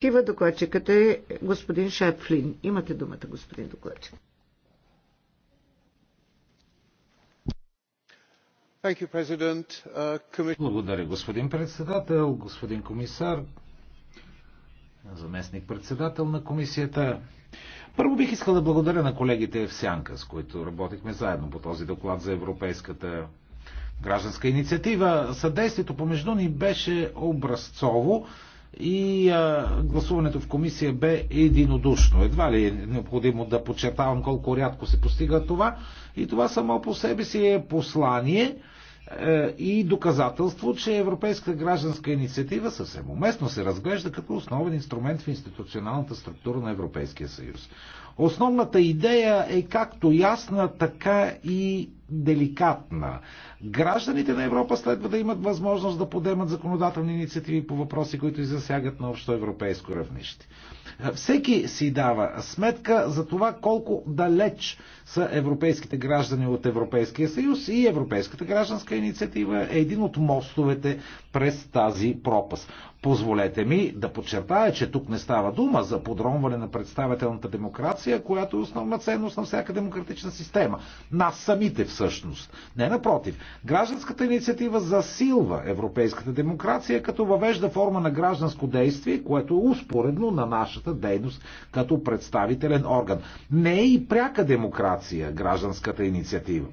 Кива докладчикът е господин Шепфлин. Имате думата, господин докладчик. Uh, благодаря, господин председател, господин комисар, заместник председател на комисията. Първо бих искал да благодаря на колегите в Сянка, с които работихме заедно по този доклад за Европейската гражданска инициатива. Съдействието помежду ни беше образцово и а, гласуването в комисия бе единодушно. Едва ли е необходимо да подчертавам колко рядко се постига това. И това само по себе си е послание е, и доказателство, че Европейска гражданска инициатива съвсем уместно се разглежда като основен инструмент в институционалната структура на Европейския съюз. Основната идея е както ясна, така и деликатна. Гражданите на Европа следва да имат възможност да подемат законодателни инициативи по въпроси, които и засягат на общо европейско равнище. Всеки си дава сметка за това колко далеч са европейските граждани от Европейския съюз и Европейската гражданска инициатива е един от мостовете през тази пропаст. Позволете ми да подчертая, че тук не става дума за подронване на представителната демокрация, която е основна ценност на всяка демократична система. Нас самите всъщност. Не напротив. Гражданската инициатива засилва европейската демокрация, като въвежда форма на гражданско действие, което е успоредно на нашата дейност като представителен орган. Не е и пряка демокрация гражданската инициатива.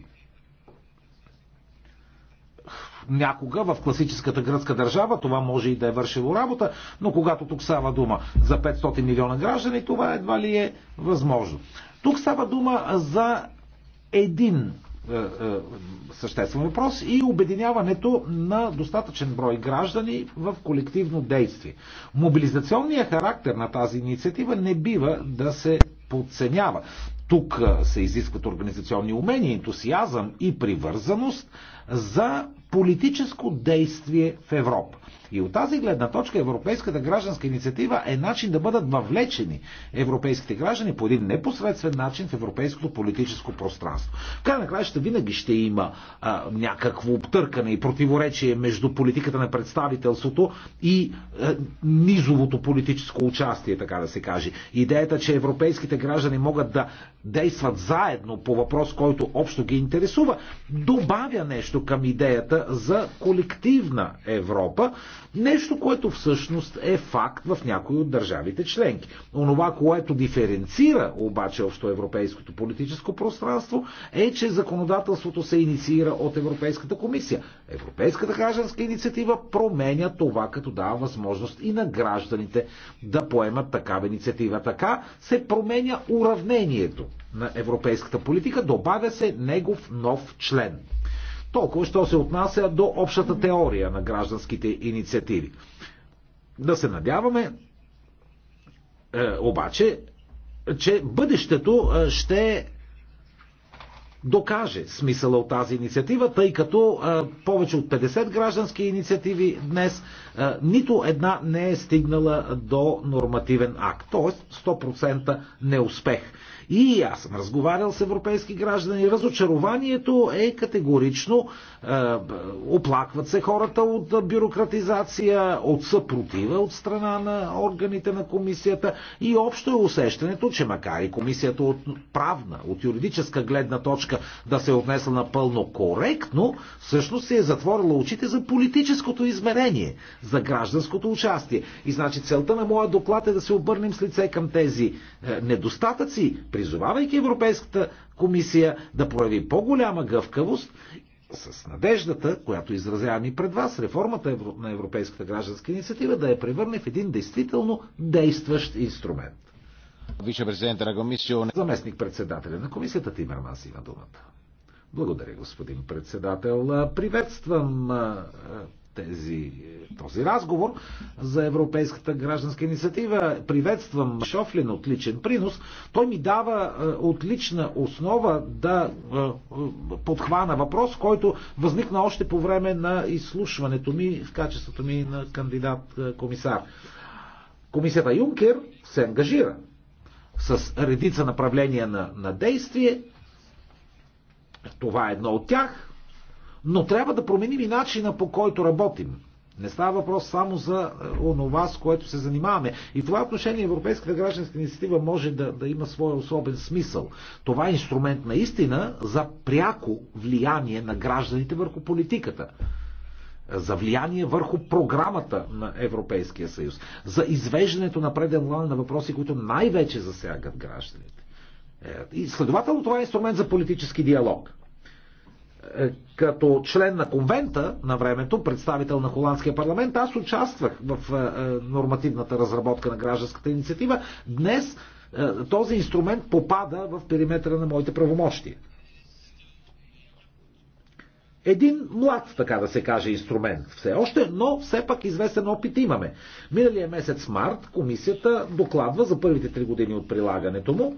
Някога в класическата гръцка държава това може и да е вършило работа, но когато тук става дума за 500 милиона граждани, това едва ли е възможно. Тук става дума за един е, е, съществен въпрос и обединяването на достатъчен брой граждани в колективно действие. Мобилизационният характер на тази инициатива не бива да се подценява. Тук е, се изискват организационни умения, ентусиазъм и привързаност за политическо действие в Европа. И от тази гледна точка Европейската гражданска инициатива е начин да бъдат въвлечени европейските граждани по един непосредствен начин в европейското политическо пространство. В край на ще винаги ще има а, някакво обтъркане и противоречие между политиката на представителството и а, низовото политическо участие, така да се каже. Идеята, че европейските граждани могат да действат заедно по въпрос, който общо ги интересува, добавя нещо към идеята за колективна Европа, Нещо, което всъщност е факт в някои от държавите членки. Онова, което диференцира обаче общоевропейското политическо пространство е, че законодателството се инициира от Европейската комисия. Европейската гражданска инициатива променя това, като дава възможност и на гражданите да поемат такава инициатива. Така се променя уравнението на европейската политика, добавя се негов нов член. Толкова, що се отнася до общата теория на гражданските инициативи. Да се надяваме, е, обаче, че бъдещето е, ще докаже смисъла от тази инициатива, тъй като е, повече от 50 граждански инициативи днес е, нито една не е стигнала до нормативен акт, т.е. 100% неуспех. И аз съм разговарял с европейски граждани. Разочарованието е категорично. Е, оплакват се хората от бюрократизация, от съпротива от страна на органите на комисията и общо е усещането, че макар и комисията от правна, от юридическа гледна точка да се е отнесла напълно коректно, всъщност се е затворила очите за политическото измерение, за гражданското участие. И значи целта на моя доклад е да се обърнем с лице към тези е, недостатъци, призовавайки Европейската комисия да прояви по-голяма гъвкавост с надеждата, която изразявам и пред вас, реформата на Европейската гражданска инициатива да я превърне в един действително действащ инструмент. Вице-президента на комисия. Заместник председателя на комисията Тимерманс има думата. Благодаря, господин председател. Приветствам тези, този разговор за Европейската гражданска инициатива. Приветствам Шофлин, отличен принос. Той ми дава е, отлична основа да е, подхвана въпрос, който възникна още по време на изслушването ми в качеството ми на кандидат-комисар. Е, Комисията Юнкер се ангажира с редица направления на, на действие. Това е едно от тях но трябва да променим и начина по който работим. Не става въпрос само за е, онова, с което се занимаваме. И в това отношение Европейската гражданска инициатива може да, да има своя особен смисъл. Това е инструмент наистина за пряко влияние на гражданите върху политиката за влияние върху програмата на Европейския съюз, за извеждането на преден план на въпроси, които най-вече засягат гражданите. Е, и следователно това е инструмент за политически диалог като член на конвента на времето, представител на Холандския парламент, аз участвах в е, е, нормативната разработка на гражданската инициатива. Днес е, този инструмент попада в периметъра на моите правомощия. Един млад, така да се каже, инструмент все още, но все пак известен опит имаме. Миналия месец март комисията докладва за първите три години от прилагането му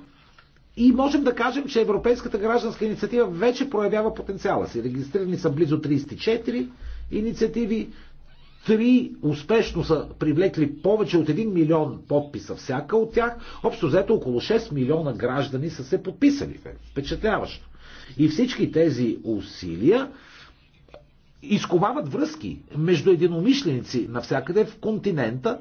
и можем да кажем, че Европейската гражданска инициатива вече проявява потенциала си. Регистрирани са близо 34 инициативи, три успешно са привлекли повече от 1 милион подписа всяка от тях. Общо взето около 6 милиона граждани са се подписали. Впечатляващо. И всички тези усилия изковават връзки между единомишленици навсякъде в континента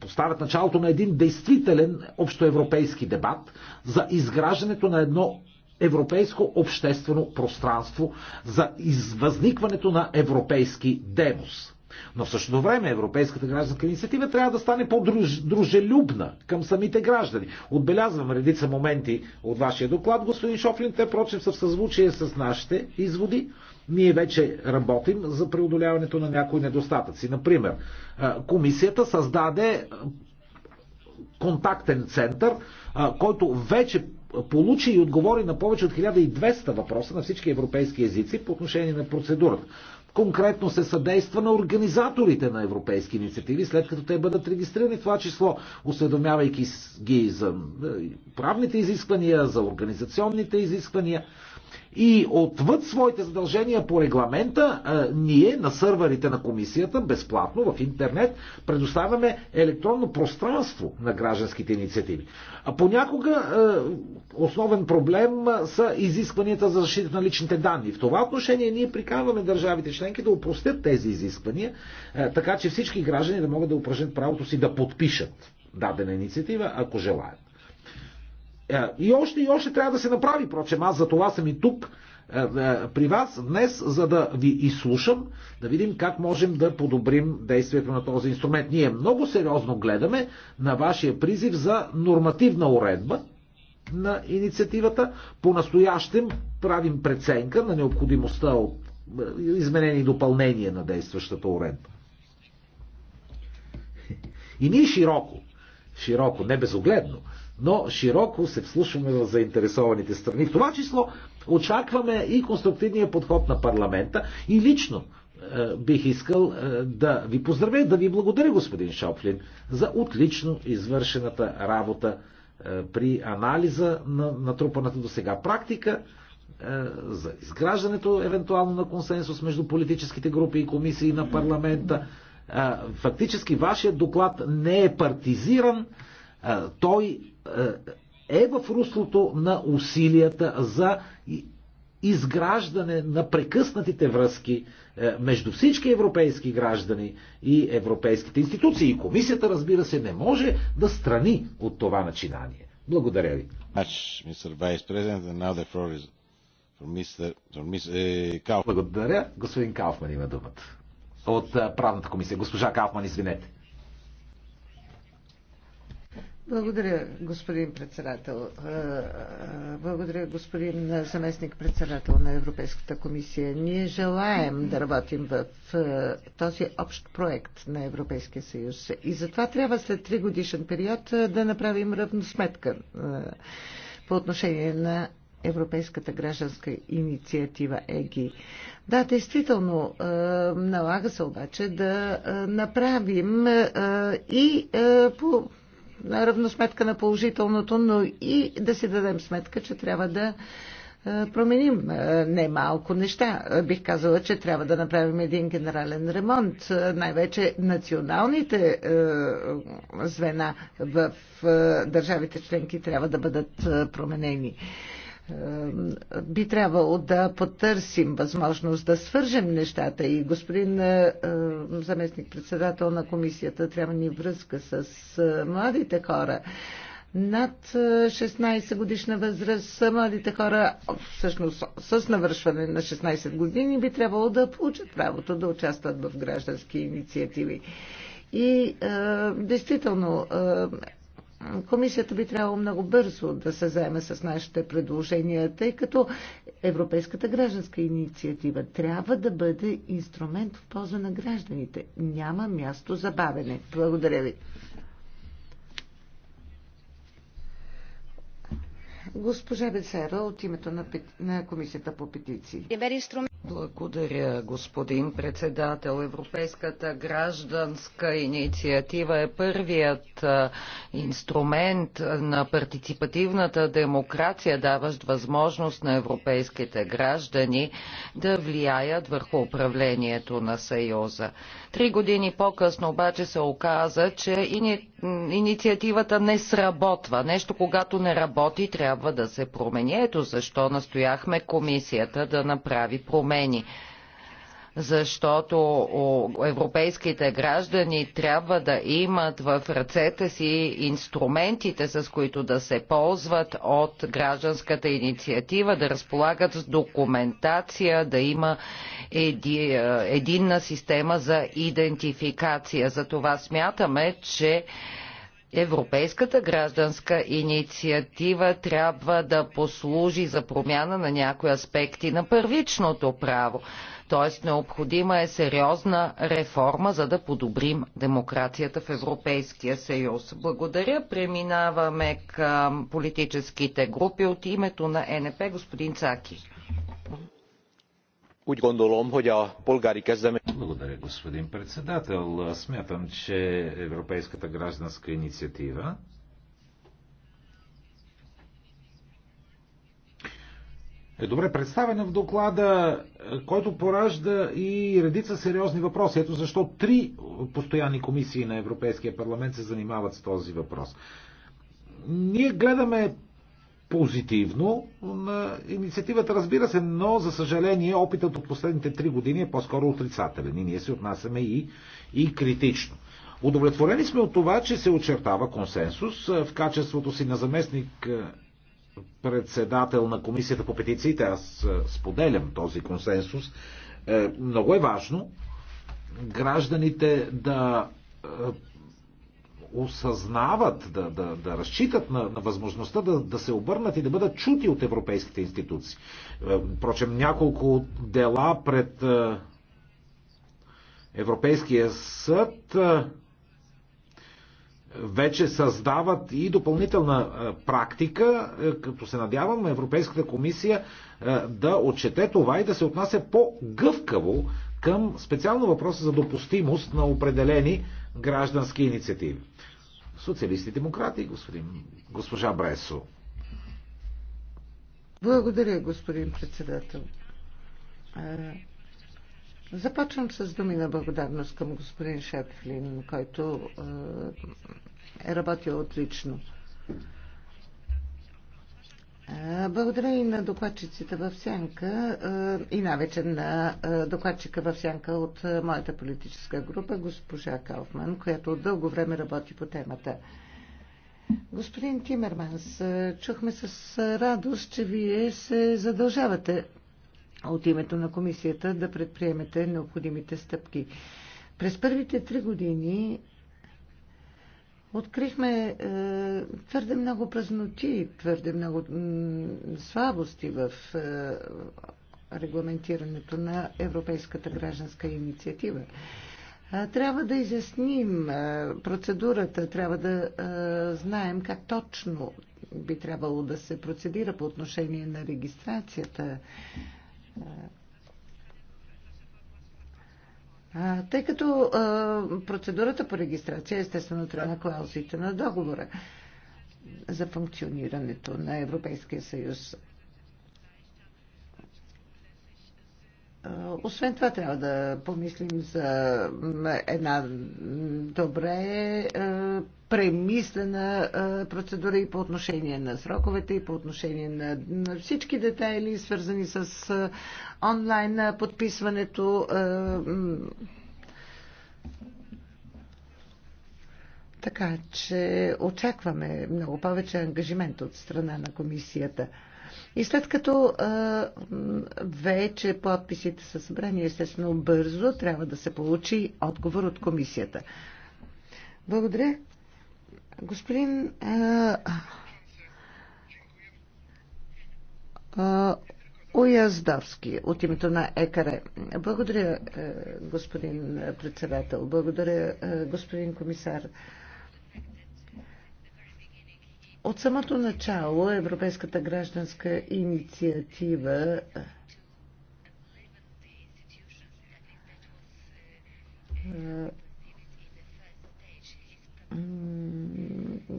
поставят началото на един действителен общоевропейски дебат за изграждането на едно европейско обществено пространство, за възникването на европейски демос. Но в същото време Европейската гражданска инициатива трябва да стане по-дружелюбна към самите граждани. Отбелязвам редица моменти от вашия доклад, господин Шофлин. Те, прочим, са в съзвучие с нашите изводи. Ние вече работим за преодоляването на някои недостатъци. Например, комисията създаде контактен център, който вече получи и отговори на повече от 1200 въпроса на всички европейски езици по отношение на процедурата. Конкретно се съдейства на организаторите на европейски инициативи, след като те бъдат регистрирани, в това число, осведомявайки ги за правните изисквания, за организационните изисквания. И отвъд своите задължения по регламента, е, ние на сървърите на комисията, безплатно в интернет, предоставяме електронно пространство на гражданските инициативи. А понякога е, основен проблем е, са изискванията за защита на личните данни. В това отношение ние приканваме държавите членки да упростят тези изисквания, така че всички граждани да могат да упражнят правото си да подпишат дадена инициатива, ако желаят. Е, и още и още трябва да се направи, прочем, аз за това съм и тук е, е, при вас днес, за да ви изслушам, да видим как можем да подобрим действието на този инструмент. Ние много сериозно гледаме на вашия призив за нормативна уредба на инициативата. По-настоящем правим преценка на необходимостта от изменени и допълнение на действащата уредба. И ние широко, широко, не безогледно, но широко се вслушваме в заинтересованите страни. В това число очакваме и конструктивния подход на парламента и лично е, бих искал е, да ви поздравя и да ви благодаря, господин Шоплин, за отлично извършената работа е, при анализа на натрупаната до сега практика е, за изграждането евентуално на консенсус между политическите групи и комисии на парламента. Е, фактически вашия доклад не е партизиран, е, той е, е в руслото на усилията за изграждане на прекъснатите връзки е, между всички европейски граждани и европейските институции. И комисията, разбира се, не може да страни от това начинание. Благодаря ви. Благодаря. Господин Кауфман има думата. От е, правната комисия. Госпожа Кауфман, извинете. Благодаря, господин председател. Е, е, благодаря, господин заместник председател на Европейската комисия. Ние желаем да работим в е, този общ проект на Европейския съюз. И затова трябва след три годишен период да направим равносметка по отношение на Европейската гражданска инициатива ЕГИ. Да, действително, налага се обаче да направим и по равносметка на положителното, но и да си дадем сметка, че трябва да е, променим е, немалко малко неща. Бих казала, че трябва да направим един генерален ремонт. Най-вече националните е, звена в държавите членки трябва да бъдат променени. Е, би трябвало да потърсим възможност да свържем нещата и господин е, е, заместник-председател на комисията трябва ни връзка с младите хора. Над 16 годишна възраст младите хора, всъщност с навършване на 16 години, би трябвало да получат правото да участват в граждански инициативи. И е, действително е, Комисията би трябвало много бързо да се заеме с нашите предложения, тъй като Европейската гражданска инициатива трябва да бъде инструмент в полза на гражданите. Няма място за бавене. Благодаря ви. Госпожа Бесера от името на, на Комисията по петиции. Благодаря, господин председател. Европейската гражданска инициатива е първият инструмент на партиципативната демокрация, даващ възможност на европейските граждани да влияят върху управлението на Съюза. Три години по-късно обаче се оказа, че инициативата не сработва. Нещо, когато не работи, трябва трябва да се промени. Ето защо настояхме комисията да направи промени защото европейските граждани трябва да имат в ръцете си инструментите, с които да се ползват от гражданската инициатива, да разполагат с документация, да има еди, единна система за идентификация. Затова смятаме, че Европейската гражданска инициатива трябва да послужи за промяна на някои аспекти на първичното право. Тоест необходима е сериозна реформа, за да подобрим демокрацията в Европейския съюз. Благодаря. Преминаваме към политическите групи от името на НП господин Цаки. Úgy gondolom, hogy a polgári kezdeményezés... Благодаря, господин председател. Смятам, че Европейската гражданска инициатива е добре представена в доклада, който поражда и редица сериозни въпроси. Ето защо три постоянни комисии на Европейския парламент се занимават с този въпрос. Ние гледаме позитивно на инициативата, разбира се, но за съжаление опитът от последните три години е по-скоро отрицателен и ние се отнасяме и, и критично. Удовлетворени сме от това, че се очертава консенсус в качеството си на заместник председател на Комисията по петициите. Аз споделям този консенсус. Е, много е важно гражданите да осъзнават, да, да, да разчитат на, на възможността да, да се обърнат и да бъдат чути от европейските институции. Е, впрочем, няколко дела пред е, Европейския съд е, вече създават и допълнителна практика, като се надявам Европейската комисия да отчете това и да се отнася по-гъвкаво към специално въпроса за допустимост на определени граждански инициативи. Социалисти и демократи, господин, госпожа Бресо. Благодаря, господин председател. Започвам с думи на благодарност към господин Шепфлин, който е работил отлично. Благодаря и на докладчиците в Сянка и навече на докладчика в Сянка от моята политическа група, госпожа Кауфман, която дълго време работи по темата. Господин Тимерманс, чухме с радост, че вие се задължавате от името на комисията да предприемете необходимите стъпки. През първите три години открихме е, твърде много празноти, твърде много слабости в е, регламентирането на Европейската гражданска инициатива. Е, трябва да изясним е, процедурата, трябва да е, знаем как точно би трябвало да се процедира по отношение на регистрацията а, тъй като а, процедурата по регистрация естествено трябва на клаузите на договора за функционирането на Европейския съюз. Е, освен това трябва да помислим за една добре е, премислена е, процедура и по отношение на сроковете, и по отношение на всички детайли, свързани с онлайн подписването. Така че очакваме много повече ангажимент от страна на комисията. И след като а, вече подписите са събрани, естествено бързо, трябва да се получи отговор от комисията. Благодаря. Господин а, а, Уяздовски от името на ЕКАРЕ. Благодаря, господин председател. Благодаря, господин комисар. От самото начало Европейската гражданска инициатива е,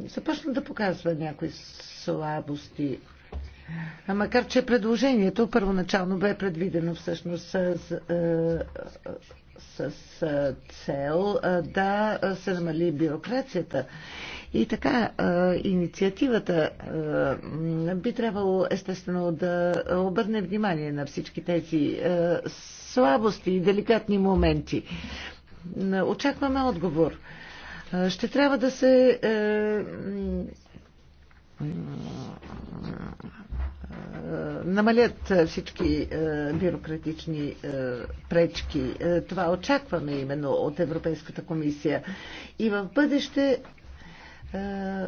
започна да показва някои слабости. А макар, че предложението първоначално бе предвидено всъщност с, е, с, е, с цел да се намали бюрокрацията и така, инициативата би трябвало естествено да обърне внимание на всички тези слабости и деликатни моменти. Очакваме отговор. Ще трябва да се намалят всички бюрократични пречки. Това очакваме именно от Европейската комисия. И в бъдеще е,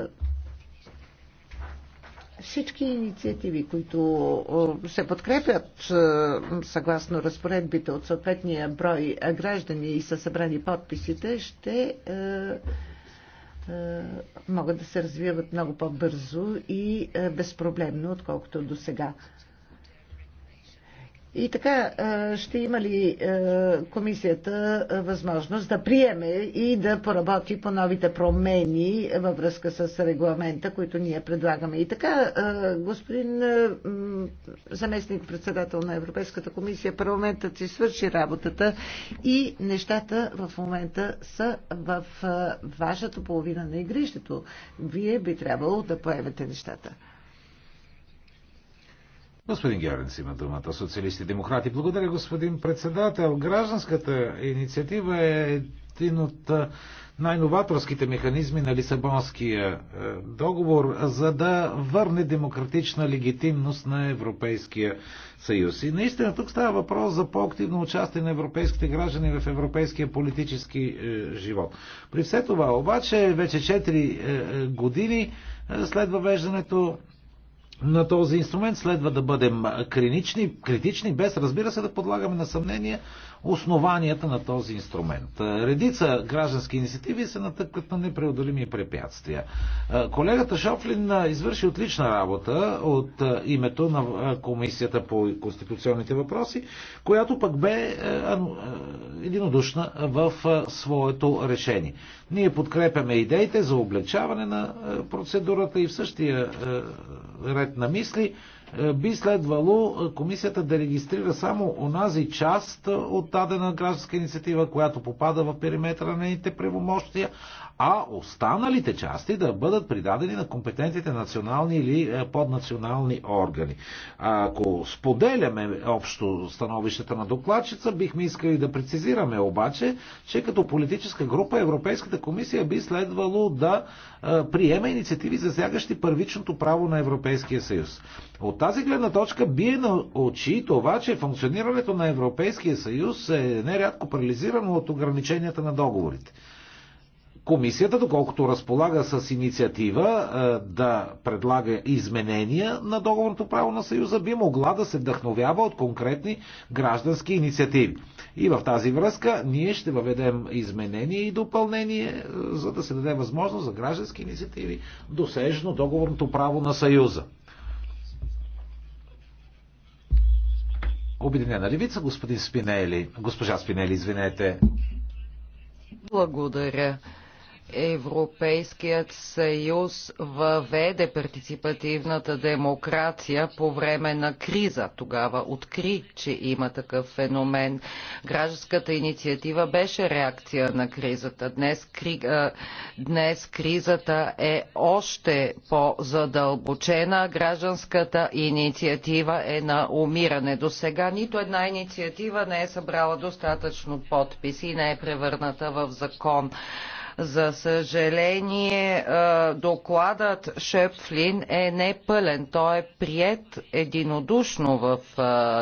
всички инициативи, които е, се подкрепят е, съгласно разпоредбите от съответния брой граждани и са събрани подписите, ще могат да се развиват много по-бързо и безпроблемно, отколкото до сега. И така, ще има ли комисията възможност да приеме и да поработи по новите промени във връзка с регламента, които ние предлагаме? И така, господин заместник председател на Европейската комисия, парламентът си свърши работата и нещата в момента са в вашата половина на игрището. Вие би трябвало да поемете нещата. Господин Георенс има думата. Социалисти и демократи. Благодаря, господин председател. Гражданската инициатива е един от най-новаторските механизми на Лисабонския договор, за да върне демократична легитимност на Европейския съюз. И наистина тук става въпрос за по-активно участие на европейските граждани в европейския политически е, живот. При все това обаче вече 4 е, е, години след въвеждането на този инструмент. Следва да бъдем критични, критични без разбира се да подлагаме на съмнение основанията на този инструмент. Е, редица граждански инициативи се натъкват на непреодолими препятствия. Е, колегата Шофлин е, извърши отлична работа от името на Комисията по конституционните въпроси, която пък бе единодушна в своето решение. Ние подкрепяме идеите за облегчаване на процедурата и в същия ред на мисли е, би следвало е, комисията да регистрира само онази част е, от дадена гражданска инициатива, която попада в периметра на нейните правомощия, а останалите части да бъдат придадени на компетентните национални или е, поднационални органи. Ако споделяме общо становищата на докладчица, бихме искали да прецизираме обаче, че като политическа група Европейската комисия би следвало да е, приеме инициативи, засягащи първичното право на Европейския съюз. От тази гледна точка бие на очи това, че функционирането на Европейския съюз е нерядко парализирано от ограниченията на договорите комисията, доколкото разполага с инициатива е, да предлага изменения на договорното право на Съюза, би могла да се вдъхновява от конкретни граждански инициативи. И в тази връзка ние ще въведем изменение и допълнение, е, за да се даде възможност за граждански инициативи досежно договорното право на Съюза. Обединена левица, господин Спинели, госпожа Спинели, извинете. Благодаря. Европейският съюз въведе партиципативната демокрация по време на криза. Тогава откри, че има такъв феномен. Гражданската инициатива беше реакция на кризата. Днес, кри... Днес кризата е още по-задълбочена. Гражданската инициатива е на умиране. До сега нито една инициатива не е събрала достатъчно подписи и не е превърната в закон. За съжаление, докладът Шепфлин е непълен. Той е прият единодушно в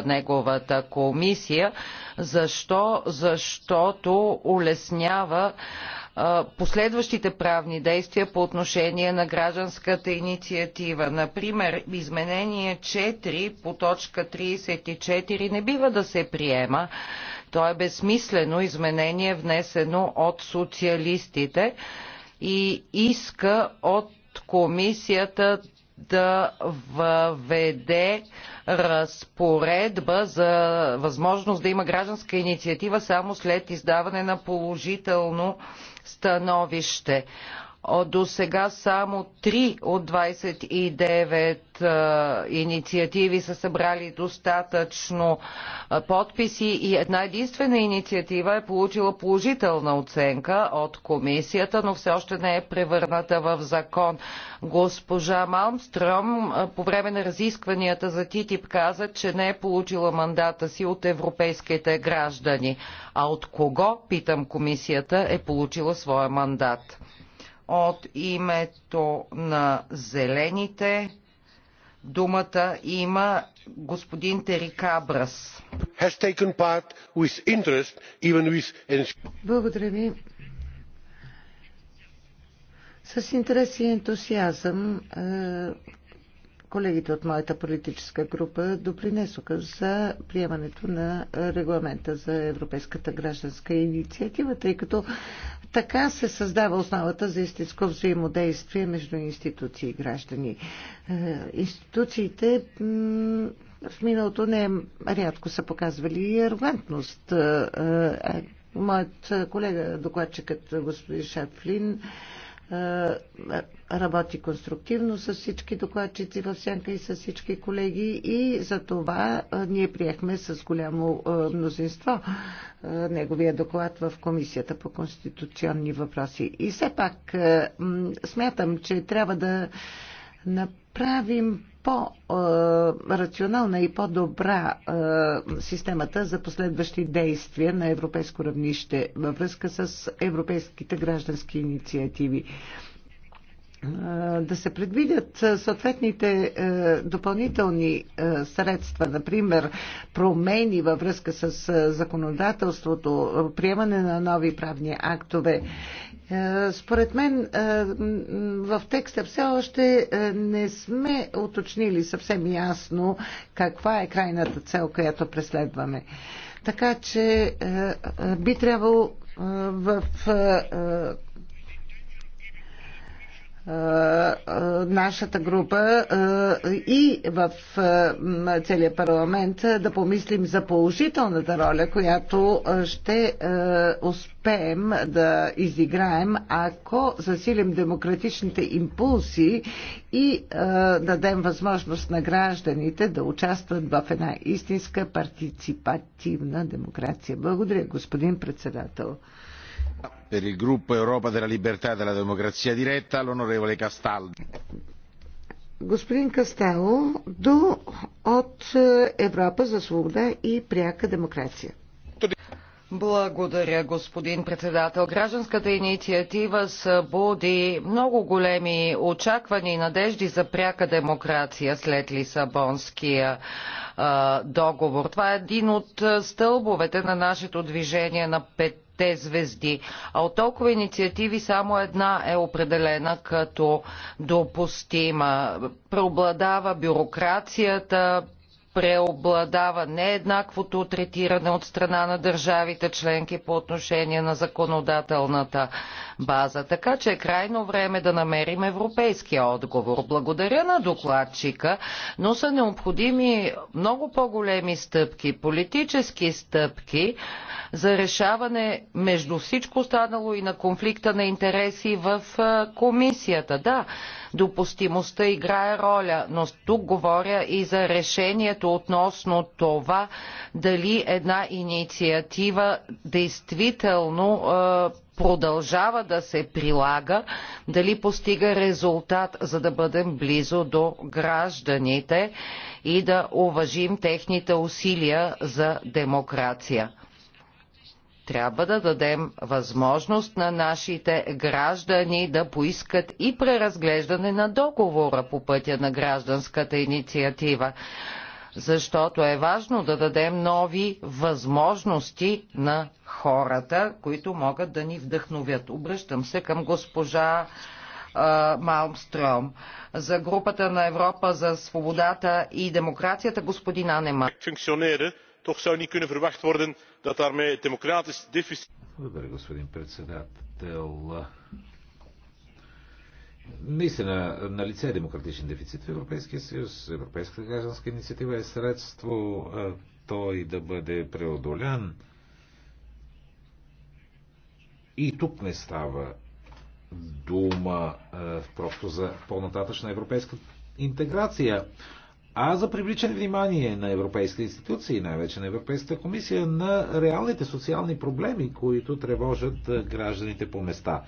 неговата комисия. Защо? Защото улеснява последващите правни действия по отношение на гражданската инициатива. Например, изменение 4 по точка 34 не бива да се приема, то е безсмислено изменение, внесено от социалистите и иска от комисията да въведе разпоредба за възможност да има гражданска инициатива само след издаване на положително становище. До сега само 3 от 29 инициативи са събрали достатъчно подписи и една единствена инициатива е получила положителна оценка от комисията, но все още не е превърната в закон. Госпожа Малмстром по време на разискванията за ТИТИП каза, че не е получила мандата си от европейските граждани. А от кого, питам комисията, е получила своя мандат? От името на зелените думата има господин Тери Кабрас. Благодаря ви. С интерес и ентусиазъм е, колегите от моята политическа група допринесоха за приемането на регламента за Европейската гражданска инициатива, тъй като така се създава основата за истинско взаимодействие между институции и граждани. Е, институциите в миналото не рядко са показвали и арогантност. Е, е, моят колега, докладчикът господин Шафлин, е, е, работи конструктивно с всички докладчици в сянка и с всички колеги и за това е, ние приехме с голямо мнозинство неговия доклад в Комисията по конституционни въпроси. И все пак смятам, че трябва да направим по-рационална и по-добра системата за последващи действия на европейско равнище във връзка с европейските граждански инициативи да се предвидят съответните допълнителни средства, например промени във връзка с законодателството, приемане на нови правни актове е, според мен е, в текста все още е, не сме уточнили съвсем ясно каква е крайната цел, която преследваме. Така че би трябвало в е, е, нашата група е, и в целия парламент да помислим за положителната роля, която ще успеем да изиграем, ако засилим демократичните импулси и дадем възможност на гражданите да участват в една истинска партиципативна демокрация. Благодаря, господин председател. Per il gruppo Europa della libertà e della democrazia diretta, l'onorevole Castaldo. Господин Кастало, до от Европа за свобода и пряка демокрация. Благодаря, господин председател. Гражданската инициатива събуди много големи очаквани и надежди за пряка демокрация след Лисабонския договор. Това е един от стълбовете на нашето движение на пет те звезди. А от толкова инициативи само една е определена като допустима. Преобладава бюрокрацията, преобладава нееднаквото третиране от страна на държавите членки по отношение на законодателната база. Така че е крайно време да намерим европейския отговор. Благодаря на докладчика, но са необходими много по-големи стъпки, политически стъпки за решаване между всичко останало и на конфликта на интереси в комисията. Да, допустимостта играе роля, но тук говоря и за решението относно това дали една инициатива действително е, продължава да се прилага, дали постига резултат, за да бъдем близо до гражданите и да уважим техните усилия за демокрация. Трябва да дадем възможност на нашите граждани да поискат и преразглеждане на договора по пътя на гражданската инициатива защото е важно да дадем нови възможности на хората, които могат да ни вдъхновят. Обръщам се към госпожа Малмстром. За групата на Европа за свободата и демокрацията господин Анема dat daarmee het democratisch deficit. Благодаря, господин председател. Наистина, на лице е демократичен дефицит в Европейския съюз. Европейската гражданска инициатива е средство той да бъде преодолян. И тук не става дума а, просто за по-нататъчна европейска интеграция а за привличане внимание на европейски институции, най-вече на Европейската комисия, на реалните социални проблеми, които тревожат гражданите по места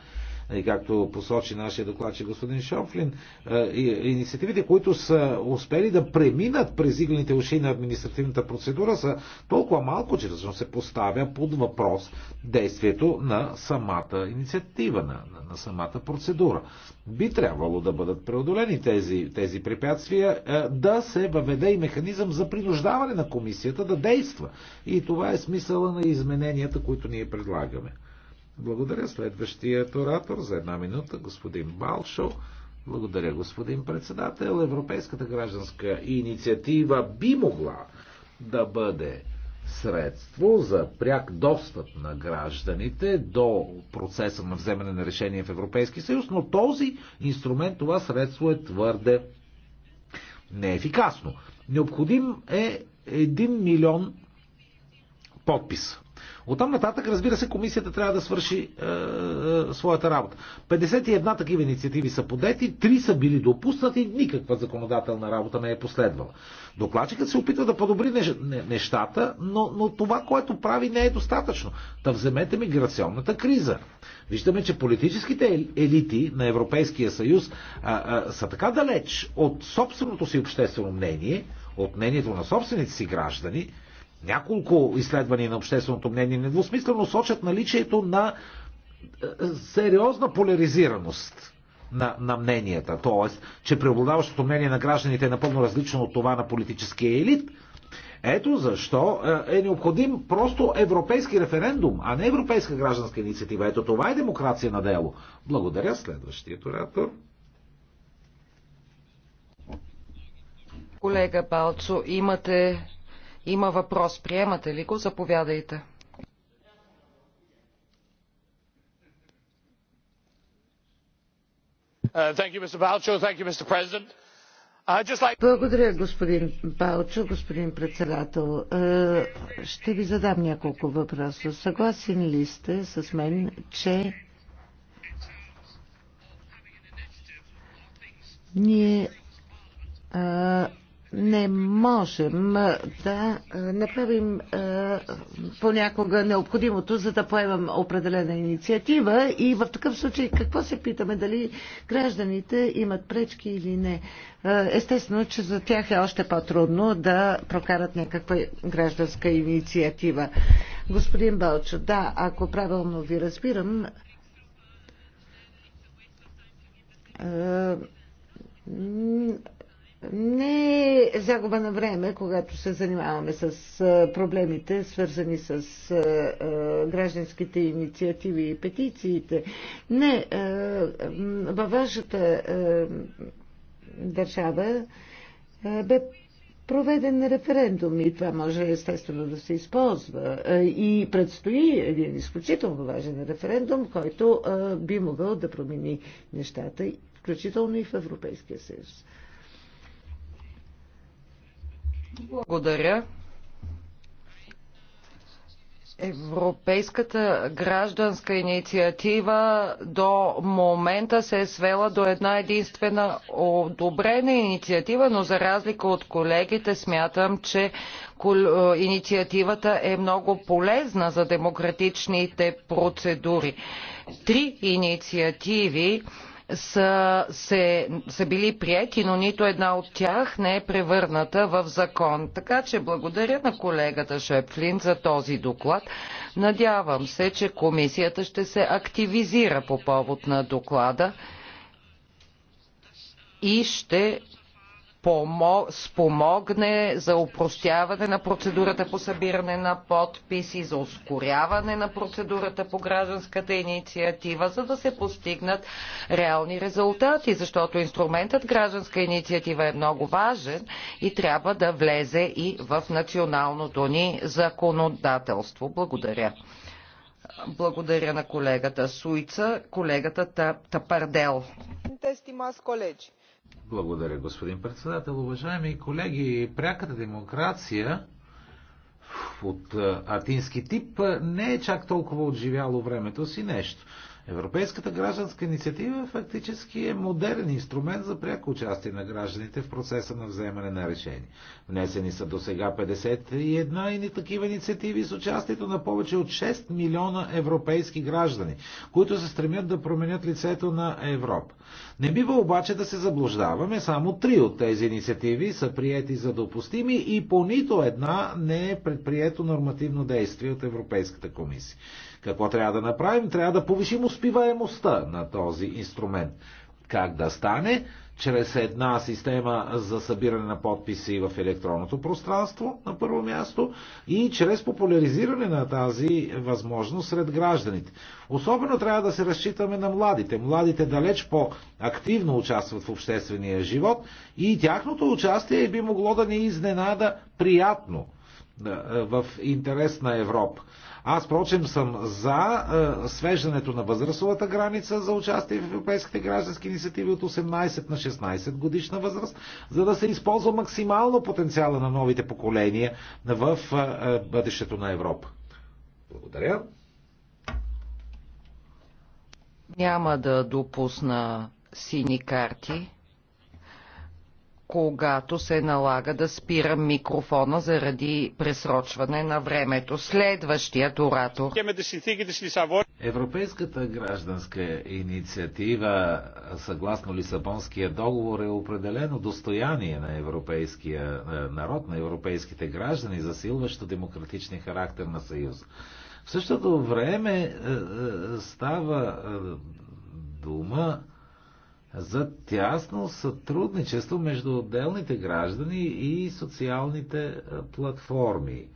и както посочи нашия доклад, че господин Шофлин, е, инициативите, които са успели да преминат през иглените уши на административната процедура, са толкова малко, че всъщност се поставя под въпрос действието на самата инициатива, на, на, на самата процедура. Би трябвало да бъдат преодолени тези, тези препятствия, е, да се въведе и механизъм за принуждаване на комисията да действа. И това е смисъла на измененията, които ние предлагаме. Благодаря. Следващият оратор за една минута, господин Балшо. Благодаря, господин председател. Европейската гражданска инициатива би могла да бъде средство за пряк достъп на гражданите до процеса на вземане на решение в Европейски съюз, но този инструмент, това средство е твърде неефикасно. Необходим е 1 милион подписа. От там нататък, разбира се, комисията трябва да свърши е, е, своята работа. 51 такива инициативи са подети, 3 са били допуснати, никаква законодателна работа не е последвала. Докладчикът се опитва да подобри нещата, но, но това, което прави, не е достатъчно. Та вземете миграционната криза. Виждаме, че политическите елити на Европейския съюз а, а, са така далеч от собственото си обществено мнение, от мнението на собствените си граждани, няколко изследвания на общественото мнение недвусмислено сочат наличието на е, е, сериозна поляризираност на, на мненията. Тоест, че преобладаващото мнение на гражданите е напълно различно от това на политическия елит. Ето защо е, е необходим просто европейски референдум, а не европейска гражданска инициатива. Ето това е демокрация на дело. Благодаря следващият оратор. Колега Палцо, имате има въпрос. Приемате ли го? Заповядайте. Uh, Благодаря, господин Балчо, господин председател. Е, ще ви задам няколко въпроса. Съгласен ли сте с мен, че ние е, не можем да направим понякога необходимото, за да поемам определена инициатива и в такъв случай какво се питаме, дали гражданите имат пречки или не. Естествено, че за тях е още по-трудно да прокарат някаква гражданска инициатива. Господин Балчо, да, ако правилно ви разбирам, не е загуба на време, когато се занимаваме с проблемите, свързани с гражданските инициативи и петициите. Не, във вашата държава бе проведен референдум и това може естествено да се използва. И предстои един изключително важен референдум, който би могъл да промени нещата, включително и в Европейския съюз. Благодаря. Европейската гражданска инициатива до момента се е свела до една единствена одобрена инициатива, но за разлика от колегите смятам, че е, инициативата е много полезна за демократичните процедури. Три инициативи са, се, са били прияти, но нито една от тях не е превърната в закон. Така че благодаря на колегата Шепфлин за този доклад. Надявам се, че комисията ще се активизира по повод на доклада и ще спомогне за упростяване на процедурата по събиране на подписи, за ускоряване на процедурата по гражданската инициатива, за да се постигнат реални резултати, защото инструментът гражданска инициатива е много важен и трябва да влезе и в националното ни законодателство. Благодаря. Благодаря на колегата Суица, колегата Тапардел. Благодаря, господин председател. Уважаеми колеги, пряката демокрация от атински тип не е чак толкова отживяло времето си нещо. Европейската гражданска инициатива фактически е модерен инструмент за пряко участие на гражданите в процеса на вземане на решения. Внесени са до сега 51 и не такива инициативи с участието на повече от 6 милиона европейски граждани, които се стремят да променят лицето на Европа. Не бива обаче да се заблуждаваме, само три от тези инициативи са приети за допустими и по нито една не е предприето нормативно действие от Европейската комисия. Какво трябва да направим? Трябва да повишим успиваемостта на този инструмент. Как да стане? Чрез една система за събиране на подписи в електронното пространство, на първо място, и чрез популяризиране на тази възможност сред гражданите. Особено трябва да се разчитаме на младите. Младите далеч по-активно участват в обществения живот и тяхното участие би могло да ни изненада приятно е, в интерес на Европа. Аз, впрочем, съм за е, свеждането на възрастовата граница за участие в европейските граждански инициативи от 18 на 16 годишна възраст, за да се използва максимално потенциала на новите поколения в е, бъдещето на Европа. Благодаря. Няма да допусна сини карти когато се налага да спира микрофона заради пресрочване на времето. Следващият оратор. Европейската гражданска инициатива, съгласно Лисабонския договор, е определено достояние на европейския е, народ, на европейските граждани, засилващо демократичния характер на съюз. В същото време е, е, става дума за тясно сътрудничество между отделните граждани и социалните е, платформи.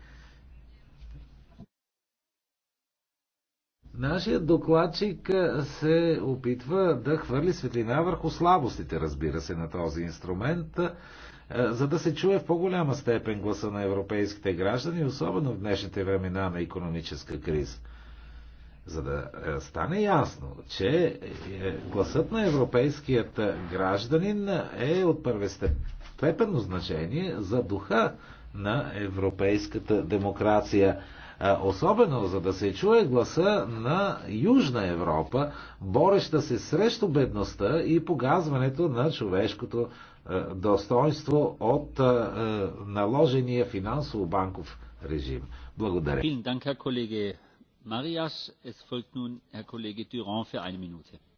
Нашият докладчик е, се опитва да хвърли светлина върху слабостите, разбира се, на този инструмент, е, за да се чуе в по-голяма степен гласа на европейските граждани, особено в днешните времена на економическа криза за да е, стане ясно, че е, гласът на европейският гражданин е от първестепенно значение за духа на европейската демокрация. Е, особено за да се чуе гласа на Южна Европа, бореща се срещу бедността и погазването на човешкото достоинство от наложения финансово-банков режим. Благодаря.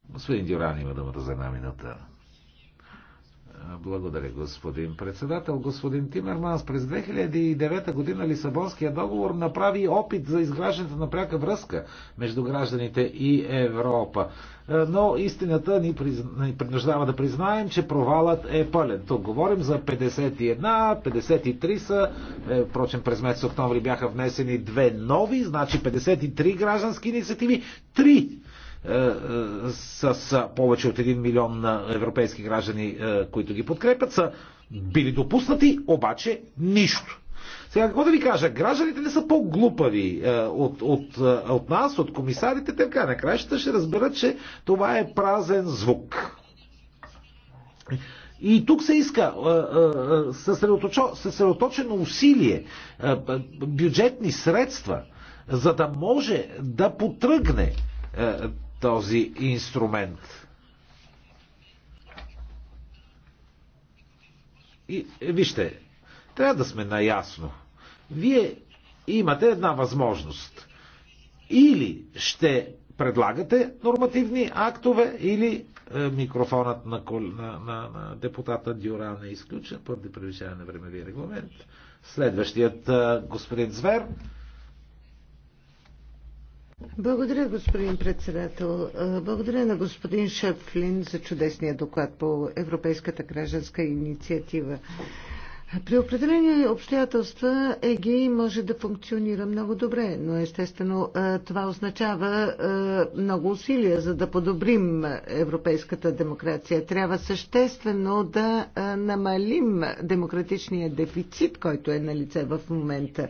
Господин Дюран има думата за една минута. Благодаря, господин председател. Господин Тимерманс, през 2009 година Лисабонския договор направи опит за изграждането на пряка връзка между гражданите и Европа. Е, но истината ни, призна... ни принуждава да признаем, че провалът е пълен. Тук говорим за 51, 53 са, е, впрочем през месец октомври бяха внесени две нови, значи 53 граждански инициативи, е, е, с повече от 1 милион е, европейски граждани, които ги подкрепят, са били допуснати, обаче нищо. Сега какво да ви кажа? Гражданите не са по-глупави е, от, от, от нас, от комисарите, така накрая ще, ще разберат, че това е празен звук. И тук се иска съсредоточено усилие, бюджетни средства, за да може да потръгне този инструмент. И, е, вижте, трябва да сме наясно. Вие имате една възможност. Или ще предлагате нормативни актове, или е, микрофонът на, на, на, на депутата Дюран е изключен поради превишаване на времеви регламент. Следващият е, господин Звер. Благодаря, господин председател. Благодаря на господин Шепфлин за чудесния доклад по Европейската гражданска инициатива. При определени обстоятелства ЕГИ може да функционира много добре, но естествено това означава много усилия за да подобрим европейската демокрация. Трябва съществено да намалим демократичния дефицит, който е на лице в момента.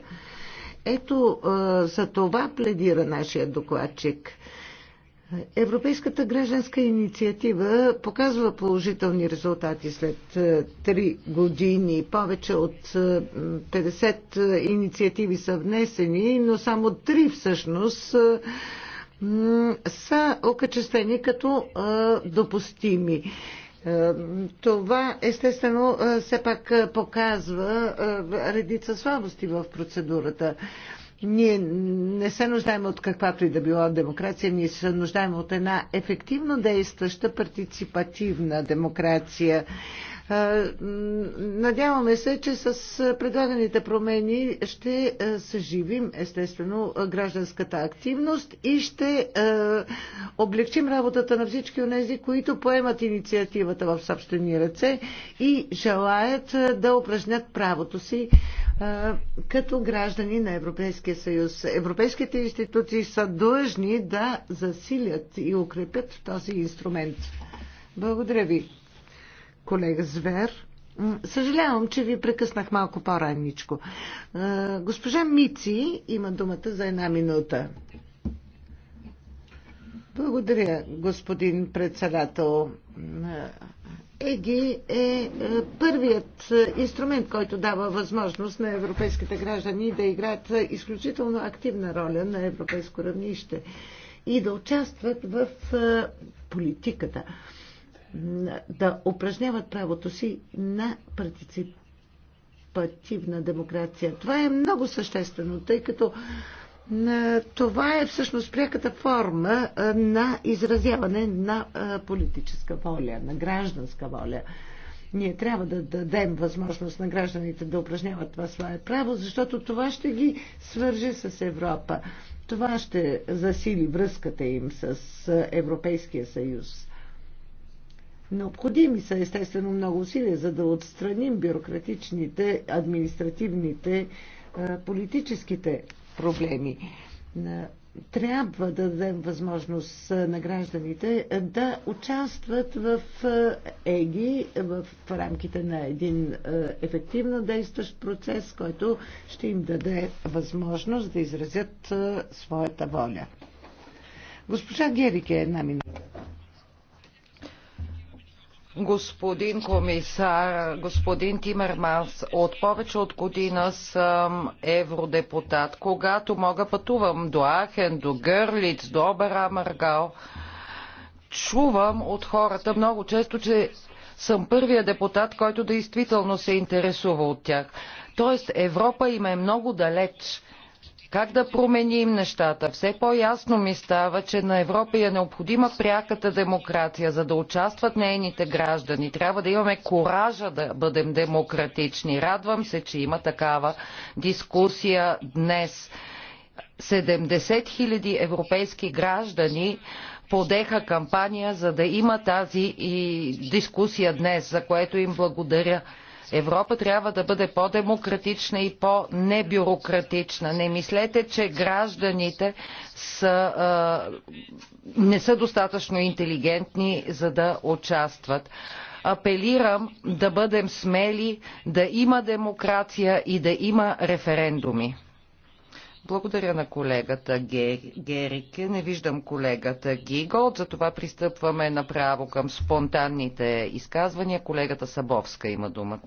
Ето за това пледира нашия докладчик. Европейската гражданска инициатива показва положителни резултати след 3 години. Повече от 50 инициативи са внесени, но само 3 всъщност са окачествени като допустими. Е, това естествено е, все пак е, показва редица слабости в процедурата. Ние не се нуждаем от каквато и да била демокрация, ние се нуждаем от една ефективно действаща партиципативна демокрация. Надяваме се, че с предлаганите промени ще съживим естествено гражданската активност и ще облегчим работата на всички от тези, които поемат инициативата в собствени ръце и желаят да упражнят правото си като граждани на Европейския съюз. Европейските институции са длъжни да засилят и укрепят този инструмент. Благодаря ви колега Звер. Съжалявам, че ви прекъснах малко по-ранничко. Е, госпожа Мици има думата за една минута. Благодаря, господин председател. Е, ЕГИ е, е първият инструмент, който дава възможност на европейските граждани да играят изключително активна роля на европейско равнище и да участват в политиката да упражняват правото си на партиципативна демокрация. Това е много съществено, тъй като това е всъщност пряката форма на изразяване на политическа воля, на гражданска воля. Ние трябва да дадем възможност на гражданите да упражняват това свое право, защото това ще ги свърже с Европа. Това ще засили връзката им с Европейския съюз. Необходими са естествено много усилия, за да отстраним бюрократичните, административните, е, политическите проблеми. Е, трябва да дадем възможност на гражданите да участват в е, ЕГИ в рамките на един ефективно действащ процес, който ще им даде възможност да изразят своята воля. Госпожа Герик е една минута. Господин комисар, господин Тимерманс, от повече от година съм евродепутат. Когато мога пътувам до Ахен, до Гърлиц, до Обера Маргал, чувам от хората много често, че съм първия депутат, който действително се интересува от тях. Тоест Европа им е много далеч как да променим нещата? Все по-ясно ми става, че на Европа е необходима пряката демокрация, за да участват нейните граждани. Трябва да имаме коража да бъдем демократични. Радвам се, че има такава дискусия днес. 70 хиляди европейски граждани подеха кампания, за да има тази и дискусия днес, за което им благодаря. Европа трябва да бъде по-демократична и по-небюрократична. Не мислете, че гражданите са, а, не са достатъчно интелигентни, за да участват. Апелирам да бъдем смели, да има демокрация и да има референдуми. Благодаря на колегата Герике. Не виждам колегата Гигол, затова пристъпваме направо към спонтанните изказвания. Колегата Сабовска има думата.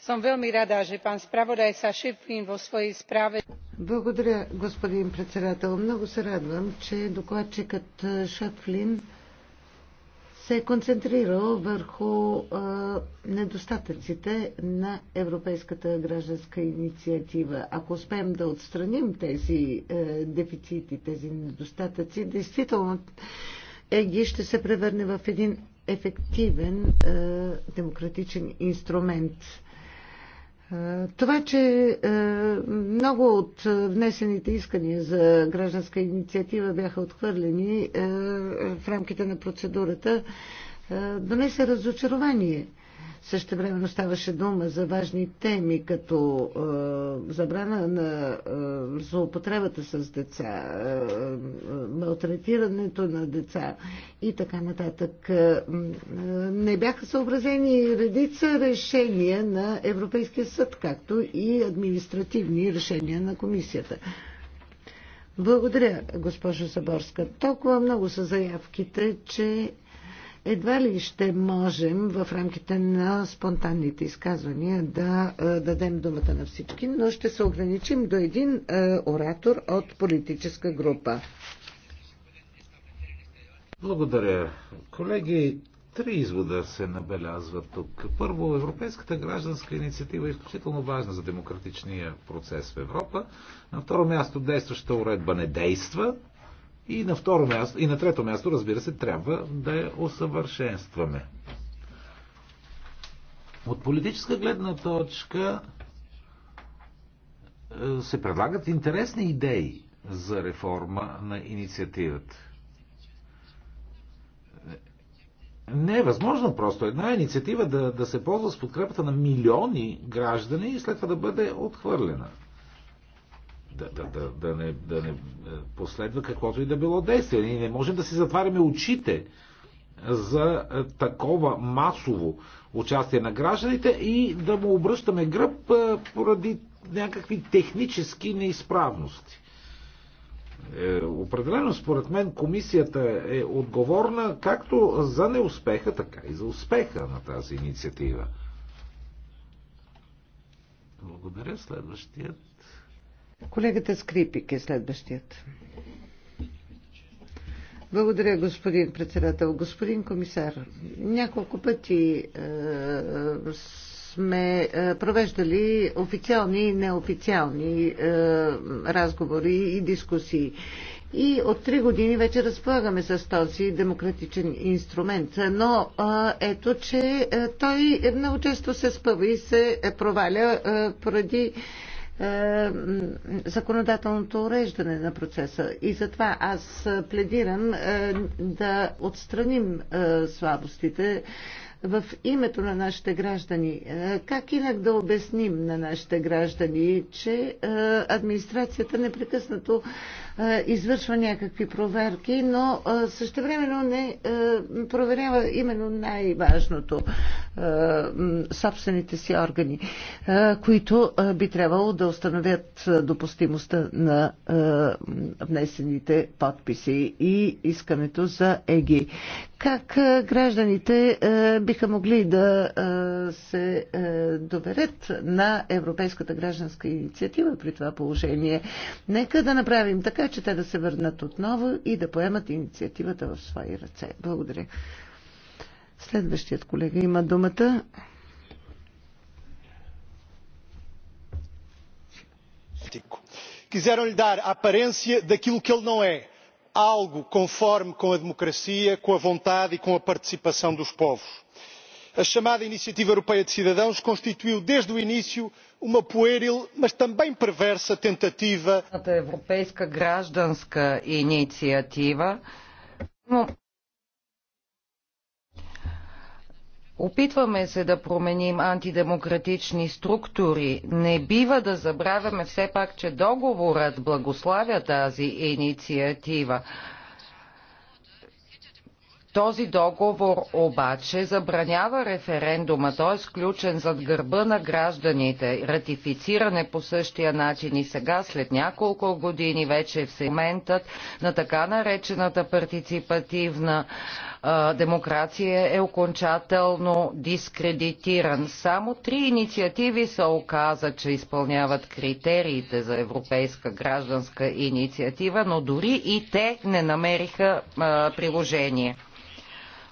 som veľmi rada že pán spravodajca schpflin vo svojej správe. благодаря господин председател. много се радвам че докладчикът шефлин се е концентрирал върху недостатъците на Европейската гражданска инициатива. Ако успеем да отстраним тези дефицити, тези недостатъци, действително ЕГИ ще се превърне в един ефективен е, демократичен инструмент. Е, това, че е, много от внесените искания за гражданска инициатива бяха отхвърлени в рамките на процедурата, донесе разочарование – също времено ставаше дума за важни теми, като е, забрана на е, злоупотребата с деца, е, е малтретирането на деца и така нататък. Е, е, не бяха съобразени редица решения на Европейския съд, както и административни решения на комисията. Благодаря, госпожо Саборска. Толкова много са заявките, че едва ли ще можем в рамките на спонтанните изказвания да е, дадем думата на всички, но ще се ограничим до един е, оратор от политическа група. Благодаря. Колеги, три извода се набелязват тук. Първо, Европейската гражданска инициатива е изключително важна за демократичния процес в Европа. На второ място, действаща уредба не действа. И на, второ място, и на трето място, разбира се, трябва да я усъвършенстваме. От политическа гледна точка е, се предлагат интересни идеи за реформа на инициативата. Не е възможно просто една инициатива да, да се ползва с подкрепата на милиони граждани и след това да бъде отхвърлена да, да, да, да, не, да не е, последва каквото и да било действие. Ние не можем да си затваряме очите за е, такова масово участие на гражданите и да му обръщаме гръб е, поради някакви технически неизправности. Определено, според мен, комисията е отговорна както за неуспеха, така и за успеха на тази инициатива. Благодаря. Следващият Колегата Скрипик е следващият. Благодаря, господин председател. Господин комисар, няколко пъти е, сме е, провеждали официални и неофициални е, разговори и дискусии. И от три години вече разполагаме с този демократичен инструмент. Но е, ето, че а, е, той много често се спъва и се проваля поради е, законодателното уреждане на процеса. И затова аз пледирам е, да отстраним е, слабостите в името на нашите граждани. Как инак да обясним на нашите граждани, че администрацията непрекъснато извършва някакви проверки, но същевременно не проверява именно най-важното собствените си органи, които би трябвало да установят допустимостта на внесените подписи и искането за ЕГИ как е, гражданите е, биха могли да е, се доверят на Европейската гражданска инициатива при това положение. Нека да направим така, че те да се върнат отново и да поемат инициативата в свои ръце. Благодаря. Следващият колега има думата. Quiseram-lhe dar a aparência daquilo que ele não é algo conforme com a democracia com a vontade e com a participação dos povos. a chamada iniciativa europeia de cidadãos constituiu desde o início uma pueril mas também perversa tentativa Опитваме се да променим антидемократични структури. Не бива да забравяме все пак, че договорът благославя тази инициатива. Този договор обаче забранява референдума, той е сключен зад гърба на гражданите, ратифициране по същия начин и сега, след няколко години, вече е в сегментът на така наречената партиципативна а, демокрация е окончателно дискредитиран. Само три инициативи са оказа, че изпълняват критериите за европейска гражданска инициатива, но дори и те не намериха а, приложение.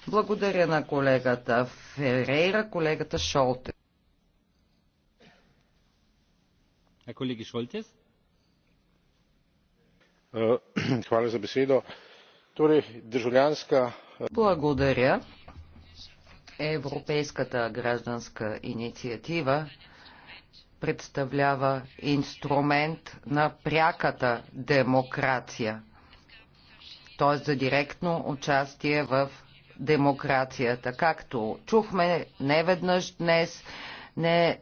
Благодаря на колегата Ферейра, колегата Шолте. Колеги Шолтес? Hvala е, за беседо. Тори, državljanska. Е, Благодаря. Европейската гражданска инициатива представлява инструмент на пряката демокрация, т.е. за директно участие в демокрацията. Както чухме неведнъж днес, не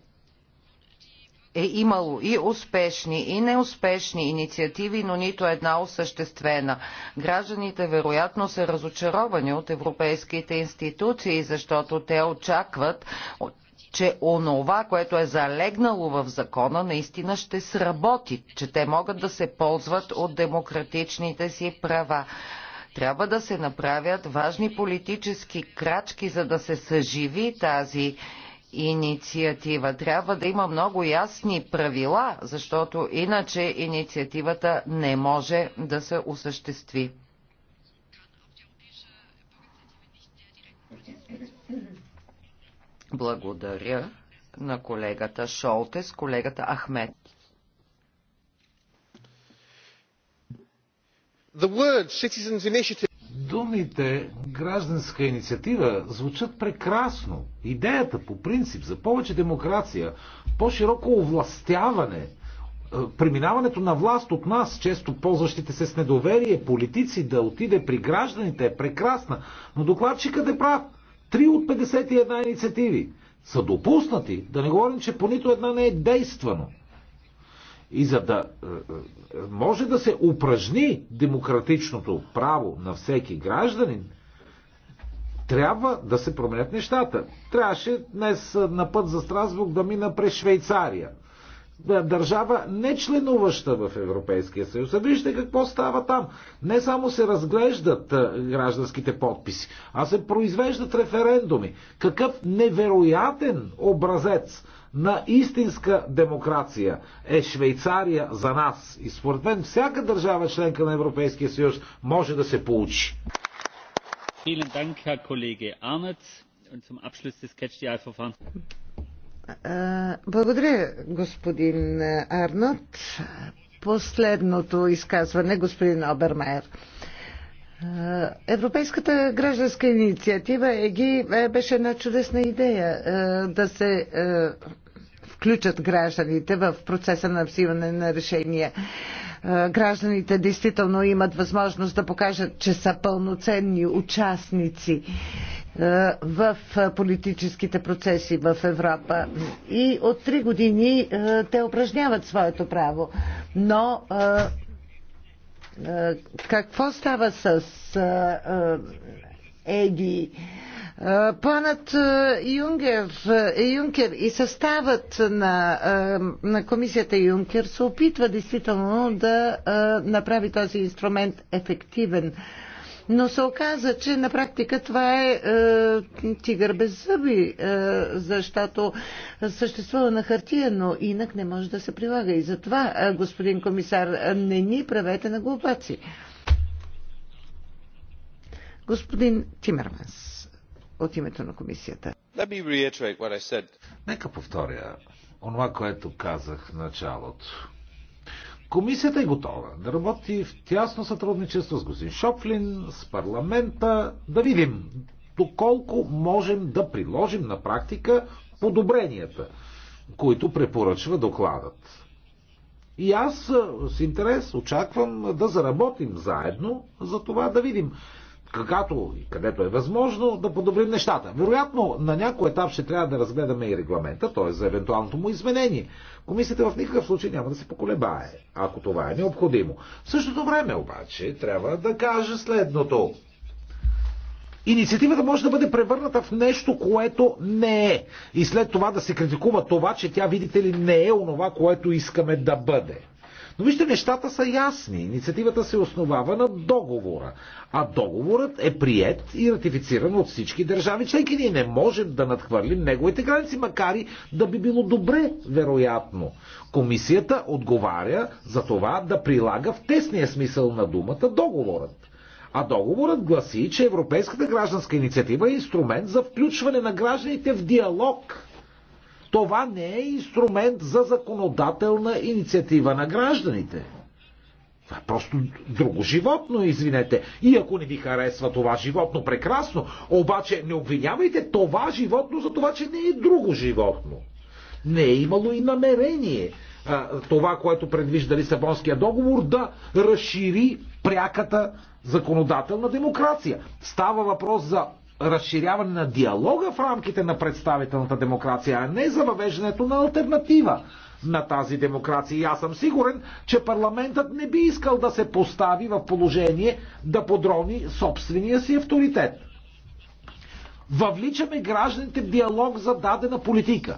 е имало и успешни, и неуспешни инициативи, но нито една осъществена. Гражданите вероятно са разочаровани от европейските институции, защото те очакват, че онова, което е залегнало в закона, наистина ще сработи, че те могат да се ползват от демократичните си права. Трябва да се направят важни политически крачки, за да се съживи тази инициатива. Трябва да има много ясни правила, защото иначе инициативата не може да се осъществи. Благодаря на колегата Шолтес, колегата Ахмед. Думите гражданска инициатива звучат прекрасно. Идеята по принцип за повече демокрация, по-широко овластяване, е, преминаването на власт от нас, често ползващите се с недоверие, политици да отиде при гражданите е прекрасна, но докладчикът е прав. Три от 51 инициативи са допуснати, да не говорим, че по нито една не е действано. И за да е, е, може да се упражни демократичното право на всеки гражданин, трябва да се променят нещата. Трябваше днес е, на път за Страсбург да мина през Швейцария. Държава не членуваща в Европейския съюз. А вижте какво става там. Не само се разглеждат гражданските подписи, а се произвеждат референдуми. Какъв невероятен образец на истинска демокрация е Швейцария за нас. И според мен всяка държава членка на Европейския съюз може да се получи. Благодаря, господин Арнот. Последното изказване, господин Обермайер. Е, Европейската гражданска инициатива ЕГИ е, беше една чудесна идея е, да се включат гражданите в процеса на взимане на решения. Гражданите действително имат възможност да покажат, че са пълноценни участници в политическите процеси в Европа. И от три години те упражняват своето право. Но е, какво става с е, е, Еди? Планът Юнгер, Юнкер и съставът на, на комисията Юнкер се опитва действително да направи този инструмент ефективен. Но се оказа, че на практика това е, е тигър без зъби, е, защото съществува на хартия, но инак не може да се прилага. И затова, е, господин комисар, не ни правете на глупаци. Господин Тимерманс, от името на комисията. Нека повторя онова, което казах в началото. Комисията е готова да работи в тясно сътрудничество с господин Шоплин, с парламента, да видим доколко можем да приложим на практика подобренията, които препоръчва докладът. И аз с интерес очаквам да заработим заедно, за това да видим Какато и където е възможно, да подобрим нещата. Вероятно, на някой етап ще трябва да разгледаме и регламента, т.е. за евентуалното му изменение. Комисията в никакъв случай няма да се поколебае, ако това е необходимо. В същото време обаче трябва да кажа следното. Инициативата може да бъде превърната в нещо, което не е. И след това да се критикува това, че тя, видите ли, не е онова, което искаме да бъде. Но вижте, нещата са ясни. Инициативата се основава на договора. А договорът е прият и ратифициран от всички държави членки. Ние не можем да надхвърлим неговите граници, макар и да би било добре, вероятно. Комисията отговаря за това да прилага в тесния смисъл на думата договорът. А договорът гласи, че Европейската гражданска инициатива е инструмент за включване на гражданите в диалог това не е инструмент за законодателна инициатива на гражданите. Това е просто друго животно, извинете. И ако не ви харесва това животно, прекрасно. Обаче не обвинявайте това животно за това, че не е друго животно. Не е имало и намерение а, това, което предвижда Лисабонския договор, да разшири пряката законодателна демокрация. Става въпрос за разширяване на диалога в рамките на представителната демокрация, а не за въвеждането на альтернатива на тази демокрация. И аз съм сигурен, че парламентът не би искал да се постави в положение да подрони собствения си авторитет. Въвличаме гражданите в диалог за дадена политика.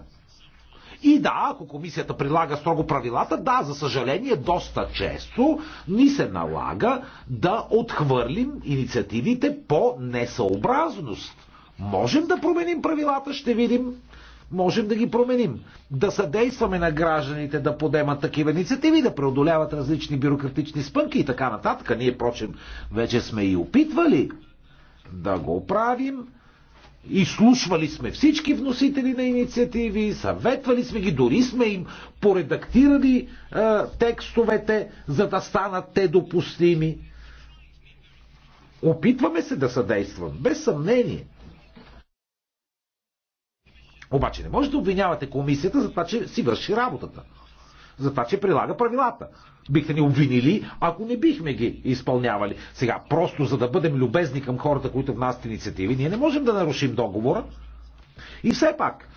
И да, ако комисията прилага строго правилата, да, за съжаление, доста често ни се налага да отхвърлим инициативите по несъобразност. Можем да променим правилата, ще видим. Можем да ги променим. Да съдействаме на гражданите да подемат такива инициативи, да преодоляват различни бюрократични спънки и така нататък. Ние, прочим, вече сме и опитвали да го правим Изслушвали сме всички вносители на инициативи, съветвали сме ги, дори сме им поредактирали е, текстовете, за да станат те допустими. Опитваме се да съдействам, без съмнение. Обаче не може да обвинявате комисията за това, че си върши работата за това, че прилага правилата. Бихте ни обвинили, ако не бихме ги изпълнявали. Сега, просто за да бъдем любезни към хората, които внасят инициативи, ние не можем да нарушим договора. И все пак,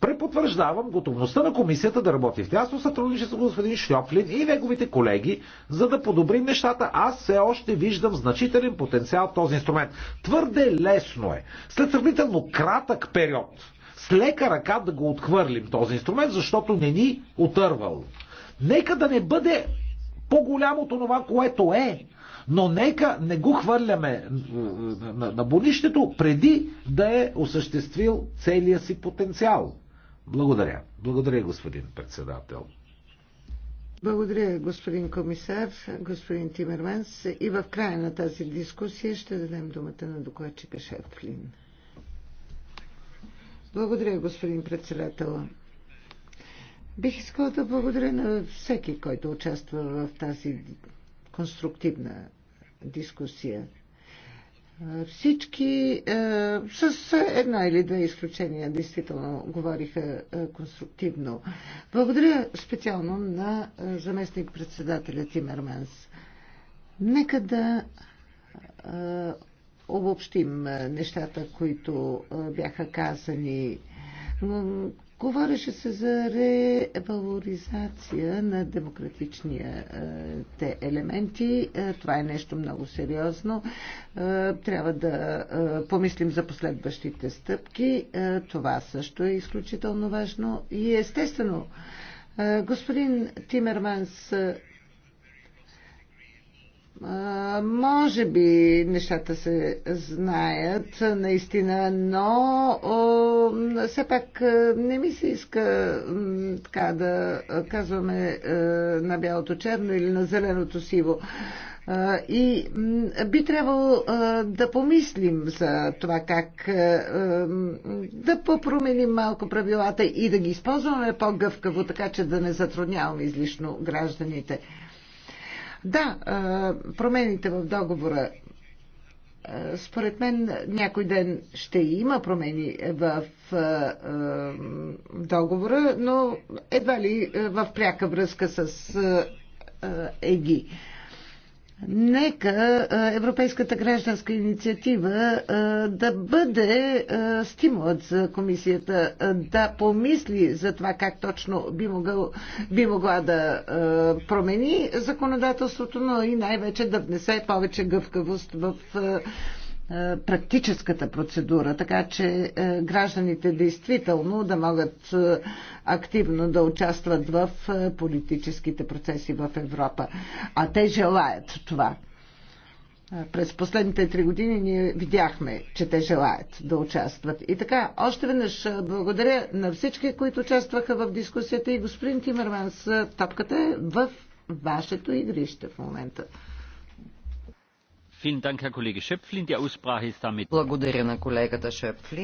препотвърждавам готовността на комисията да работи в тясно сътрудничество с господин Шлёплин и неговите колеги, за да подобрим нещата. Аз все още виждам значителен потенциал в този инструмент. Твърде лесно е. След сравнително кратък период с лека ръка да го отхвърлим този инструмент, защото не ни отървал. Нека да не бъде по-голямото това, което е, но нека не го хвърляме на бонището преди да е осъществил целия си потенциал. Благодаря. Благодаря, господин председател. Благодаря, господин комисар, господин Тимерменс. И в края на тази дискусия ще дадем думата на докладчика Шефлин. Благодаря, господин председател. Бих искала да благодаря на всеки, който участва в тази конструктивна дискусия. Всички е, с една или две изключения действително говориха е, конструктивно. Благодаря специално на е, заместник председателя Тимерманс. Нека да обобщим нещата, които бяха казани. Говореше се за ревалоризация на демократичните елементи. Това е нещо много сериозно. Трябва да помислим за последващите стъпки. Това също е изключително важно. И естествено, господин Тимерманс може би нещата се знаят наистина, но о, все пак не ми се иска така да казваме на бялото черно или на зеленото сиво. И би трябвало да помислим за това как да попроменим малко правилата и да ги използваме по-гъвкаво, така че да не затрудняваме излишно гражданите. Да, промените в договора. Според мен някой ден ще има промени в договора, но едва ли в пряка връзка с ЕГИ. Нека Европейската гражданска инициатива да бъде стимулът за комисията да помисли за това как точно би, могъл, би могла да промени законодателството, но и най-вече да внесе повече гъвкавост в е, практическата процедура, така че е, гражданите действително да могат е, активно да участват в политическите процеси в Европа. А те желаят това. През последните три години ние видяхме, че те желаят да участват. И така, още веднъж благодаря на всички, които участваха в дискусията и господин Тимерманс, топката е в вашето игрище в момента. Благодаря на колегата Шепфлин.